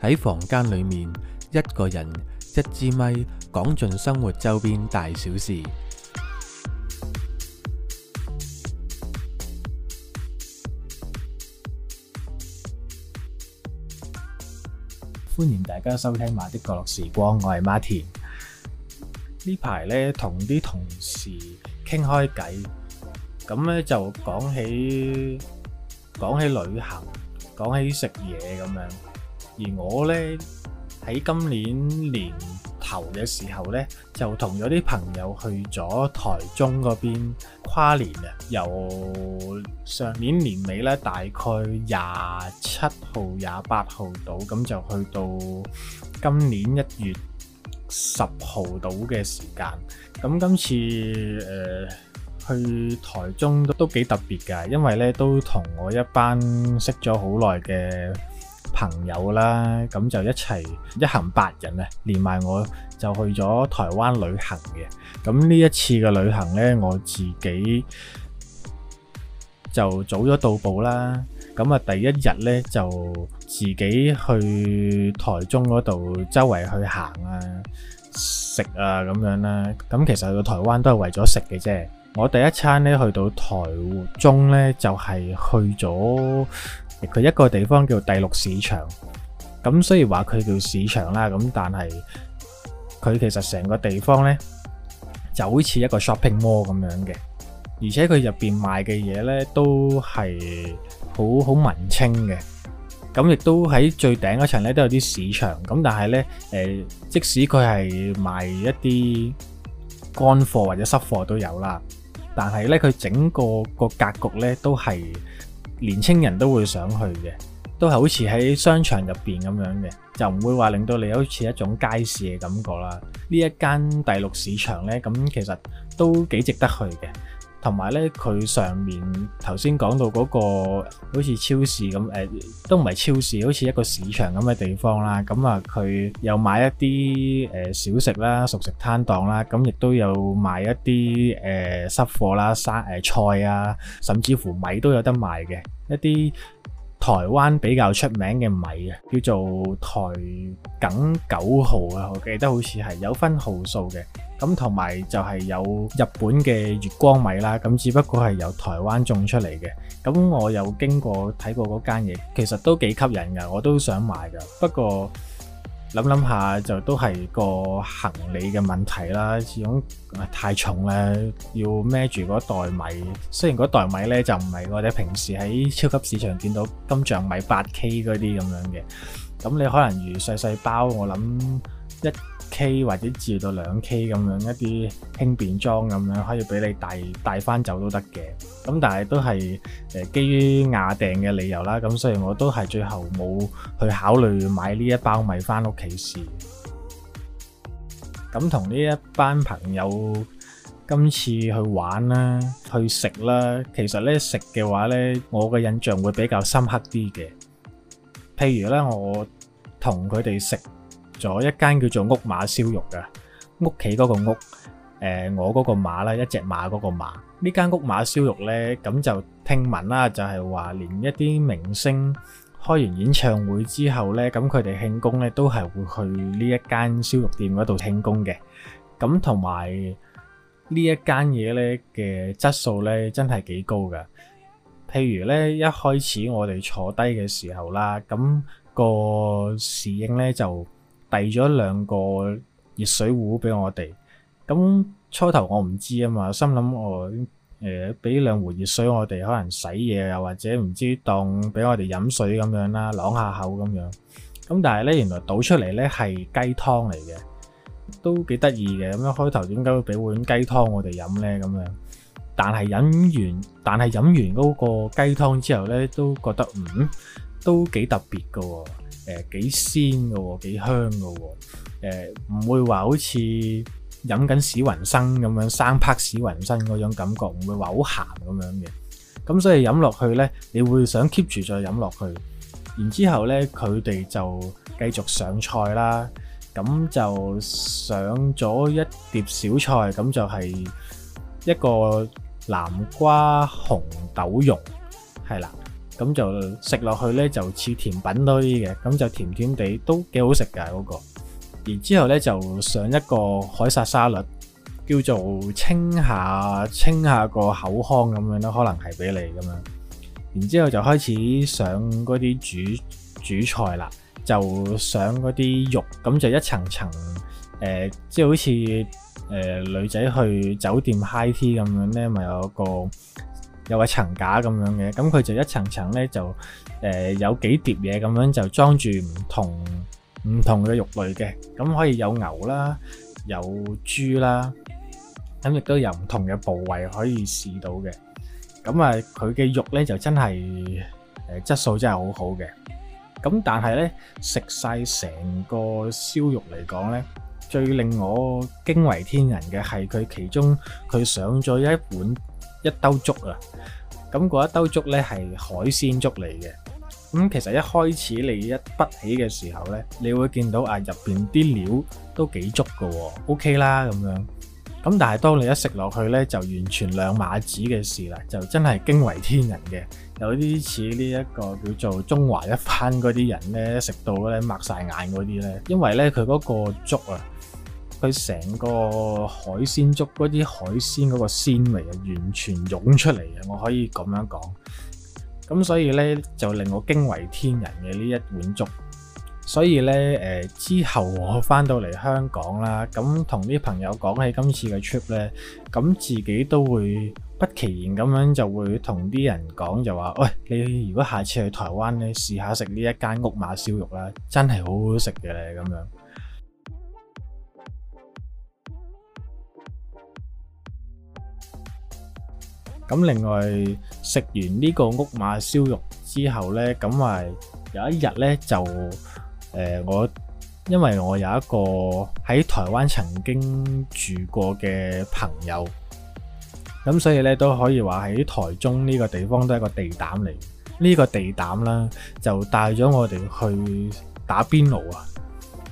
喺房間裏面，一個人一支咪，講盡生活周邊大小事。歡迎大家收聽《馬的角落時光》，我係 Martin。呢排呢同啲同事傾開偈，咁呢就講起講起旅行，講起食嘢咁樣。而我呢，喺今年年頭嘅時候呢，就同咗啲朋友去咗台中嗰邊跨年啊！由上年年尾呢，大概廿七號、廿八號到咁就去到今年一月十號到嘅時間。咁今次誒、呃、去台中都幾特別㗎，因為呢都同我一班識咗好耐嘅。朋友啦，咁就一齊一行八人啊，連埋我就去咗台灣旅行嘅。咁呢一次嘅旅行呢，我自己就早咗到埗啦。咁啊，第一日呢，就自己去台中嗰度周圍去行啊、食啊咁樣啦。咁其實去到台灣都係為咗食嘅啫。我第一餐呢，去到台中呢，就係、是、去咗。佢一個地方叫第六市場，咁雖然話佢叫市場啦，咁但係佢其實成個地方呢就好似一個 shopping mall 咁樣嘅，而且佢入邊賣嘅嘢呢都係好好文青嘅，咁亦都喺最頂一層呢都有啲市場，咁但係呢，誒、呃，即使佢係賣一啲乾貨或者濕貨都有啦，但係呢，佢整個個格局呢都係年輕人都會想去嘅，都係好似喺商場入邊咁樣嘅，就唔會話令到你好似一種街市嘅感覺啦。呢一間第六市場呢，咁其實都幾值得去嘅。同埋呢，佢上面頭先講到嗰個好似超市咁，誒都唔係超市，好、呃、似一個市場咁嘅地方啦。咁啊，佢、呃啊、有買一啲誒小食啦、熟食攤檔啦，咁亦都有賣一啲誒濕貨啦、生、啊、誒菜啊，甚至乎米都有得賣嘅。一啲台灣比較出名嘅米啊，叫做台梗九號啊，我記得好似係有分號數嘅，咁同埋就係有日本嘅月光米啦，咁只不過係由台灣種出嚟嘅，咁我有經過睇過嗰間嘢，其實都幾吸引㗎，我都想買㗎，不過，諗諗下就都係個行李嘅問題啦，始終太重喇，要孭住嗰袋米。雖然嗰袋米咧就唔係我哋平時喺超級市場見到金像米八 K 嗰啲咁樣嘅，咁你可能如細細包，我諗。一 K 或者至到兩 K 咁樣一啲輕便裝咁樣，可以俾你帶帶翻走是都得嘅。咁但係都係誒基於亞訂嘅理由啦。咁所以我都係最後冇去考慮買呢一包米翻屋企試。咁同呢一班朋友今次去玩啦，去食啦。其實呢食嘅話呢，我嘅印象會比較深刻啲嘅。譬如呢，我同佢哋食。咗一間叫做屋馬燒肉嘅屋企嗰個屋，誒，我嗰個馬啦，一隻馬嗰個馬。呢間屋馬燒肉呢，咁就聽聞啦，就係話連一啲明星開完演唱會之後呢，咁佢哋慶功呢，都係會去呢一間燒肉店嗰度慶功嘅。咁同埋呢一間嘢呢嘅質素呢真係幾高噶。譬如呢，一開始我哋坐低嘅時候啦，咁個侍應呢就～遞咗兩個熱水壺俾我哋，咁初頭我唔知啊嘛，心諗我誒俾、呃、兩壺熱水我哋可能洗嘢又或者唔知當俾我哋飲水咁樣啦，啷下口咁樣。咁但係咧，原來倒出嚟咧係雞湯嚟嘅，都幾得意嘅。咁樣開頭點解會俾碗雞湯我哋飲咧？咁樣，但係飲完，但係飲完嗰個雞湯之後咧，都覺得嗯都幾特別㗎喎、哦。誒幾、呃、鮮嘅喎、哦，幾香嘅喎、哦，唔、呃、會話好似飲緊史雲生咁樣，生拍史雲生嗰種感覺，唔會話好鹹咁樣嘅。咁所以飲落去咧，你會想 keep 住再飲落去。然之後咧，佢哋就繼續上菜啦。咁就上咗一碟小菜，咁就係一個南瓜紅豆蓉，係啦。咁就食落去咧，就似甜品類嘅，咁就甜甜地，都幾好食噶嗰個。然之後咧，就上一個海沙沙律，叫做清下清下個口腔咁樣咯，可能係俾你咁樣。然之後就開始上嗰啲主主菜啦，就上嗰啲肉，咁就一層層，誒、呃，即係好似誒、呃、女仔去酒店 high tea 咁樣咧，咪、就是、有一個。有個層架咁樣嘅，咁佢就一層層咧，就誒、呃、有幾碟嘢咁樣就裝住唔同唔同嘅肉類嘅，咁可以有牛啦，有豬啦，咁亦都有唔同嘅部位可以試到嘅。咁啊，佢嘅肉咧就真係誒、呃、質素真係好好嘅。咁但係咧食晒成個燒肉嚟講咧，最令我驚為天人嘅係佢其中佢上咗一碗。一兜粥啊，咁嗰一兜粥咧係海鮮粥嚟嘅。咁其實一開始你一潷起嘅時候咧，你會見到啊入邊啲料都幾足噶，OK 啦咁樣。咁但係當你一食落去咧，就完全兩碼子嘅事啦，就真係驚為天人嘅。有啲似呢一個叫做中華一番嗰啲人咧，食到咧擘晒眼嗰啲咧，因為咧佢嗰個粥啊。佢成個海鮮粥，嗰啲海鮮嗰個鮮味啊，完全湧出嚟嘅，我可以咁樣講。咁所以呢，就令我驚為天人嘅呢一碗粥。所以呢，誒、呃、之後我翻到嚟香港啦，咁同啲朋友講起今次嘅 trip 呢，咁自己都會不其然咁樣就會同啲人講，就話，喂，你如果下次去台灣呢，試下食呢一間屋馬燒肉啦，真係好好食嘅呢咁樣。咁另外食完呢個屋馬燒肉之後咧，咁咪有一日咧，就誒我因為我有一個喺台灣曾經住過嘅朋友，咁所以咧都可以話喺台中呢個地方都係一個地膽嚟。呢個地膽啦，就帶咗我哋去打邊爐啊。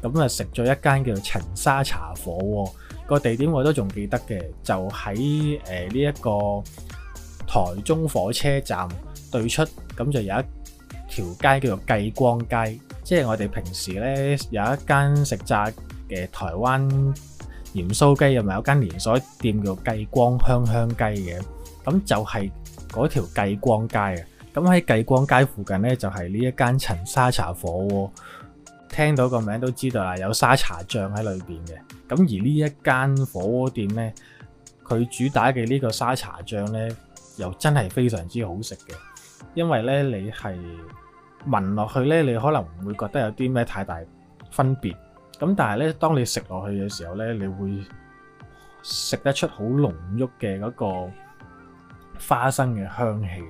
咁啊食咗一間叫做陳沙茶火鍋。個地點，我都仲記得嘅，就喺誒呢一個。台中火車站對出咁就有一條街叫做繼光街，即係我哋平時咧有一間食炸嘅台灣鹽酥雞，又咪有間連鎖店叫繼光香香雞嘅，咁就係嗰條繼光街嘅。咁喺繼光街附近咧，就係、是、呢一間陳沙茶火鍋，聽到個名都知道啦，有沙茶醬喺裏邊嘅。咁而呢一間火鍋店咧，佢主打嘅呢個沙茶醬咧。又真係非常之好食嘅，因為呢你係聞落去呢，你可能唔會覺得有啲咩太大分別。咁但係呢，當你食落去嘅時候呢，你會食得出好濃郁嘅嗰個花生嘅香氣嘅。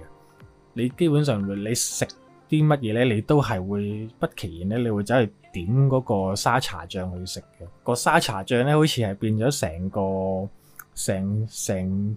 你基本上你食啲乜嘢呢，你都係會不其然呢，你會走去點嗰個沙茶醬去食嘅。個沙茶醬呢，好似係變咗成個成成。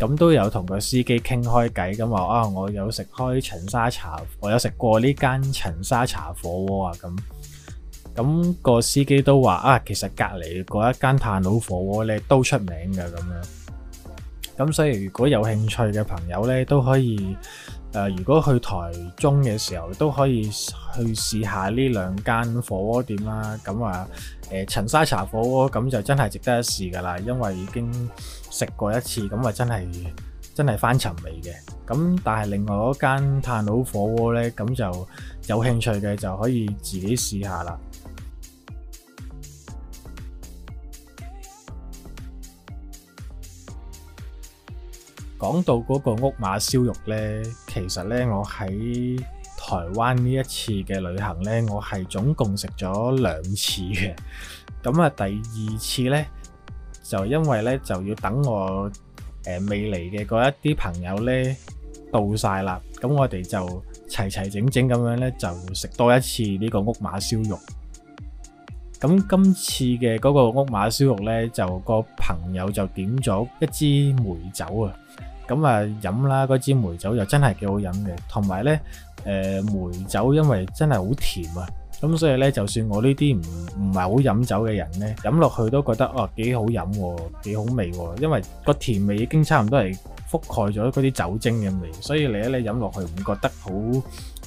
咁都有同個司機傾開偈，咁話啊，我有食開陳沙茶，我有食過呢間陳沙茶火鍋啊，咁咁個司機都話啊，其實隔離嗰一間炭爐火鍋咧都出名噶，咁樣咁所以如果有興趣嘅朋友咧，都可以誒、呃，如果去台中嘅時候都可以去試下呢兩間火鍋店啦。咁啊誒陳沙茶火鍋咁就真係值得一試噶啦，因為已經。食過一次咁啊，真係真係翻尋味嘅。咁但係另外嗰間炭佬火鍋呢，咁就有興趣嘅就可以自己試下啦。講到嗰個屋馬燒肉呢，其實呢，我喺台灣呢一次嘅旅行呢，我係總共食咗兩次嘅。咁啊，第二次呢。就因為咧，就要等我誒、呃、未嚟嘅嗰一啲朋友咧到晒啦，咁我哋就齊齊整整咁樣咧，就食多一次呢個屋馬燒肉。咁今次嘅嗰個屋馬燒肉咧，就個朋友就點咗一支梅酒啊，咁啊飲啦，嗰支梅酒就真係幾好飲嘅，同埋咧誒梅酒因為真係好甜啊。咁所以咧，就算我呢啲唔唔係好飲酒嘅人咧，飲落去都覺得哦、啊、幾好飲喎、啊，幾好味喎、啊，因為個甜味已經差唔多係覆蓋咗嗰啲酒精嘅味，所以你一咧飲落去唔覺得好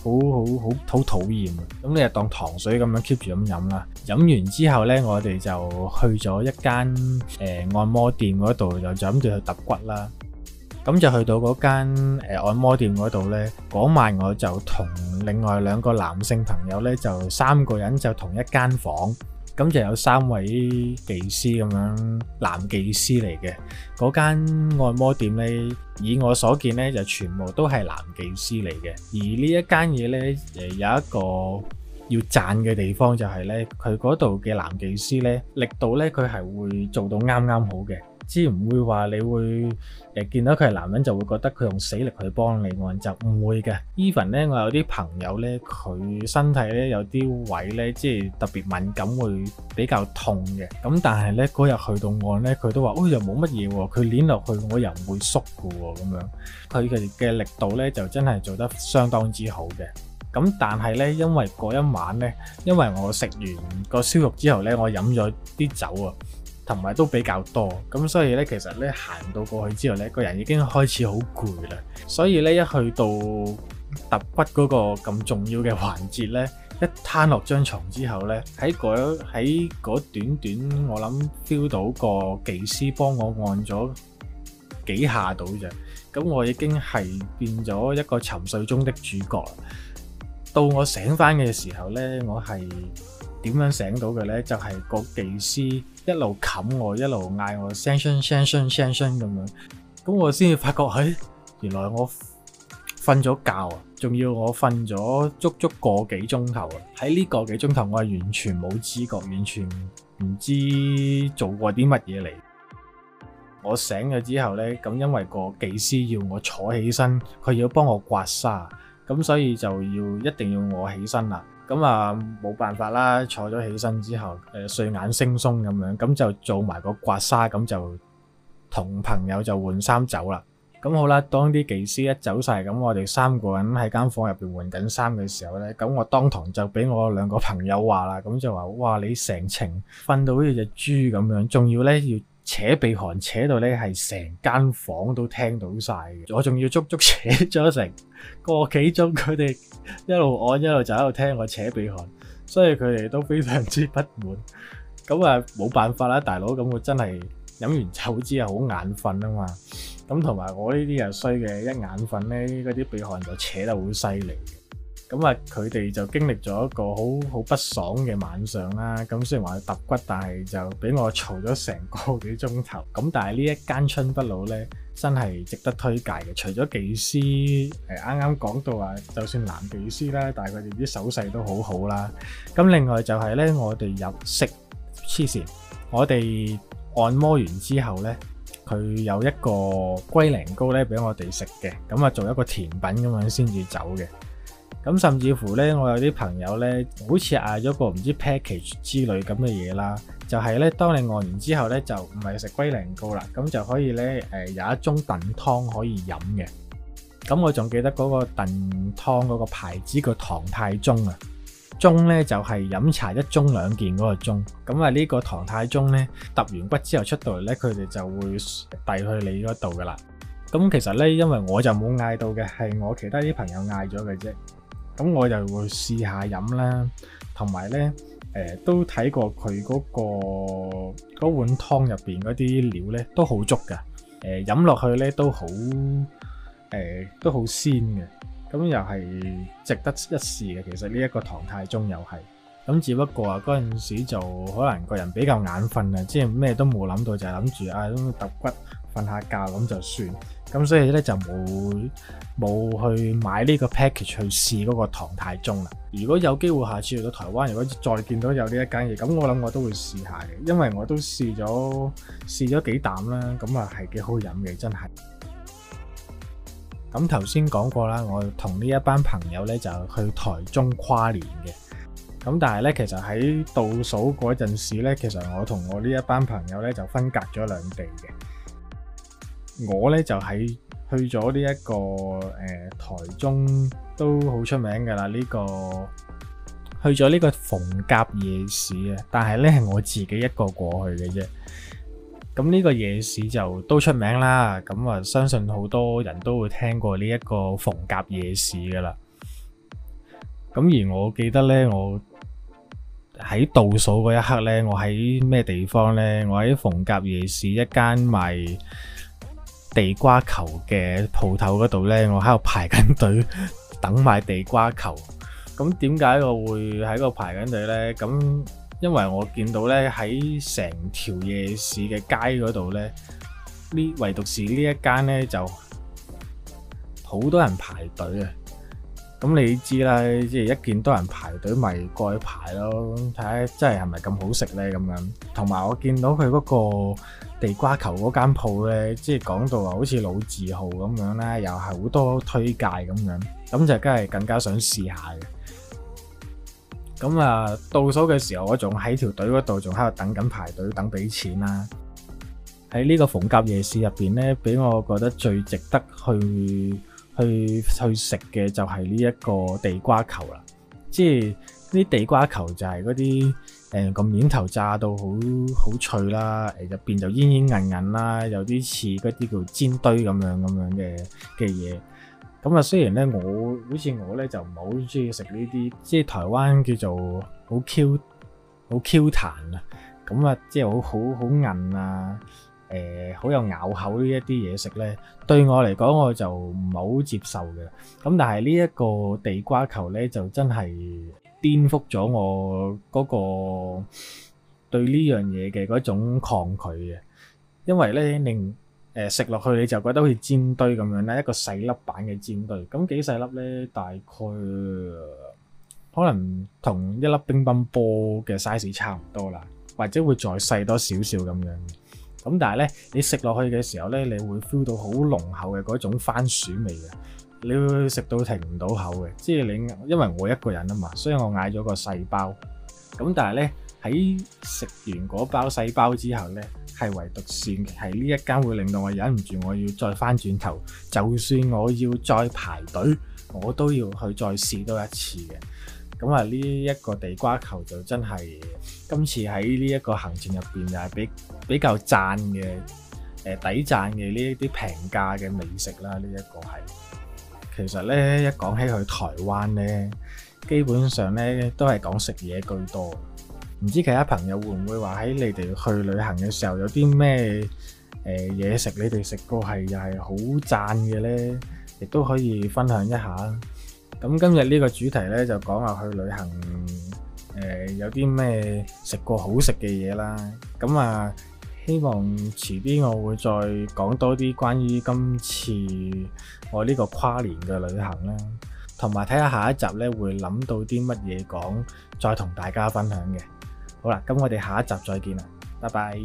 好好好好討厭咁、啊、你就當糖水咁樣 keep 住咁飲啦。飲、啊、完之後咧，我哋就去咗一間誒、呃、按摩店嗰度，就就諗住去揼骨啦。咁就去到嗰間誒按摩店嗰度呢，講埋我就同另外兩個男性朋友呢，就三個人就同一間房，咁就有三位技師咁樣，男技師嚟嘅。嗰間按摩店呢，以我所見呢，就全部都係男技師嚟嘅。而呢一間嘢呢，誒有一個要讚嘅地方就係呢，佢嗰度嘅男技師呢，力度呢，佢係會做到啱啱好嘅。即係唔會話你會誒見到佢係男人就會覺得佢用死力去幫你按，就唔會嘅。Even 咧，我有啲朋友咧，佢身體咧有啲位咧，即係特別敏感會比較痛嘅。咁但係咧，嗰日去到按咧，佢都話：哦，又冇乜嘢喎。佢捏落去我又唔會縮㗎喎。咁樣佢嘅嘅力度咧就真係做得相當之好嘅。咁但係咧，因為嗰一晚咧，因為我食完個燒肉之後咧，我飲咗啲酒啊。同埋都比較多，咁所以呢，其實呢行到過去之後呢，個人已經開始好攰啦。所以呢，一去到揼骨嗰個咁重要嘅環節呢，一攤落張牀之後呢，喺嗰喺嗰短短，我諗 feel 到個技師幫我按咗幾下到啫。咁我已經係變咗一個沉睡中的主角。到我醒翻嘅時候呢，我係。點樣醒到嘅呢？就係個技師一路冚我，一路嗌我聲聲聲聲聲聲咁樣，咁我先至發覺，嘿，原來我瞓咗覺啊！仲要我瞓咗足足個幾鐘頭啊！喺呢個幾鐘頭，我係完全冇知覺，完全唔知做過啲乜嘢嚟。我醒咗之後呢，咁因為個技師要我坐起身，佢要幫我刮痧，咁所以就要一定要我起身啦。咁啊，冇辦法啦！坐咗起身之後，誒睡眼惺忪咁樣，咁就做埋個刮痧，咁就同朋友就換衫走啦。咁好啦，當啲技師一走晒，咁我哋三個人喺間房入邊換緊衫嘅時候咧，咁我當堂就俾我兩個朋友話啦，咁就話：哇！你成程瞓到好似隻豬咁樣，仲要咧要。扯鼻鼾扯到咧，係成間房都聽到晒嘅。我仲要足足扯咗成個幾鐘，佢哋一路按一路就喺度聽我扯鼻鼾，所以佢哋都非常之不滿。咁啊，冇辦法啦，大佬，咁我真係飲完酒之後好眼瞓啊嘛。咁同埋我呢啲又衰嘅，一眼瞓咧，嗰啲鼻鼾就扯得好犀利嘅。咁啊，佢哋就經歷咗一個好好不爽嘅晚上啦。咁雖然話揼骨，但係就俾我嘈咗成個幾鐘頭。咁但係呢一間春不老咧，真係值得推介嘅。除咗技師，誒啱啱講到話，就算男技師啦，但係佢哋啲手勢都好好啦。咁另外就係咧，我哋有食黐線。我哋按摩完之後咧，佢有一個龜苓膏咧，俾我哋食嘅。咁啊，做一個甜品咁樣先至走嘅。咁甚至乎咧，我有啲朋友咧，好似嗌咗個唔知 package 之類咁嘅嘢啦，就係、是、咧，當你餓完之後咧，就唔係食龜苓膏啦，咁就可以咧，誒、呃、有一盅燉湯可以飲嘅。咁我仲記得嗰個燉湯嗰個牌子叫唐太宗啊，盅咧就係、是、飲茶一盅兩件嗰個盅。咁啊，呢個唐太宗咧，揼完骨之後出到嚟咧，佢哋就會遞去你嗰度噶啦。咁其實咧，因為我就冇嗌到嘅，係我其他啲朋友嗌咗嘅啫。咁我又會試下飲啦，同埋咧，誒都睇過佢嗰、嗰個碗湯入邊嗰啲料咧都好足噶，誒飲落去咧都好誒、呃、都好鮮嘅，咁又係值得一試嘅。其實呢一個唐太宗又係，咁、嗯、只不過啊嗰陣時就可能個人比較眼瞓啊，即係咩都冇諗到，就係諗住啊咁揼骨。瞓下覺咁就算咁，所以咧就冇冇去買呢個 package 去試嗰個唐太宗啦。如果有機會下次去到台灣，如果再見到有呢一間嘢，咁我諗我都會試下嘅，因為我都試咗試咗幾啖啦，咁啊係幾好飲嘅，真係。咁頭先講過啦，我同呢一班朋友咧就去台中跨年嘅。咁但係咧，其實喺倒數嗰陣時咧，其實我同我呢一班朋友咧就分隔咗兩地嘅。我咧就喺去咗呢一個誒台中都好出名噶啦，呢個去咗呢個逢甲夜市啊！但係咧係我自己一個過去嘅啫。咁呢個夜市就都出名啦。咁啊，相信好多人都會聽過呢一個逢甲夜市噶啦。咁而我記得咧，我喺倒數嗰一刻咧，我喺咩地方咧？我喺逢甲夜市一間賣。地瓜球嘅鋪頭嗰度呢，我喺度排緊隊等埋地瓜球。咁點解我會喺度排緊隊呢？咁因為我見到呢，喺成條夜市嘅街嗰度呢，呢唯獨是呢一間呢，就好多人排隊啊！咁你知啦，即係一見多人排隊，咪過去排咯，睇下真係係咪咁好食呢？咁樣。同埋我見到佢嗰個地瓜球嗰間鋪呢，即係講到話好似老字號咁樣啦，又係好多推介咁樣，咁就梗係更加想試下嘅。咁啊，倒數嘅時候我仲喺條隊嗰度，仲喺度等緊排隊等俾錢啦。喺呢個逢甲夜市入邊呢，俾我覺得最值得去去去食嘅就係呢一個地瓜球啦，即係呢地瓜球就係嗰啲誒個面頭炸到好好脆啦，誒入邊就煙煙韌韌啦，有啲似嗰啲叫煎堆咁樣咁樣嘅嘅嘢。咁啊雖然咧我好似我咧就唔係好中意食呢啲，即係台灣叫做好 Q 好 Q 彈啊，咁啊即係好好好韌啊。誒好有咬口呢一啲嘢食咧，對我嚟講我就唔係好接受嘅。咁但係呢一個地瓜球咧，就真係顛覆咗我嗰個對呢樣嘢嘅嗰種抗拒嘅。因為咧令誒食落去你就覺得好似煎堆咁樣啦，一個細粒版嘅煎堆。咁幾細粒咧？大概可能同一粒乒乓波嘅 size 差唔多啦，或者會再細多少少咁樣。咁但係咧，你食落去嘅時候咧，你會 feel 到好濃厚嘅嗰種番薯味嘅，你會食到停唔到口嘅。即係你因為我一個人啊嘛，所以我嗌咗個細包。咁但係咧，喺食完嗰包細包之後咧，係唯獨算嘅。係呢一間會令到我忍唔住我要再翻轉頭，就算我要再排隊，我都要去再試多一次嘅。咁、嗯、啊、呢、這、一個地瓜球就真係今次喺呢一個行程入邊，又係比比較讚嘅，誒、呃、抵讚嘅呢一啲平價嘅美食啦。呢、這、一個係其實咧，一講起去台灣咧，基本上咧都係講食嘢居多。唔知其他朋友會唔會話喺你哋去旅行嘅時候有，有啲咩誒嘢食你哋食過係又係好讚嘅咧，亦都可以分享一下。咁今日呢個主題呢，就講下去旅行，誒、呃、有啲咩食過好食嘅嘢啦。咁啊，希望遲啲我會再講多啲關於今次我呢個跨年嘅旅行啦，同埋睇下下一集呢，會諗到啲乜嘢講，再同大家分享嘅。好啦，咁我哋下一集再見啦，拜拜。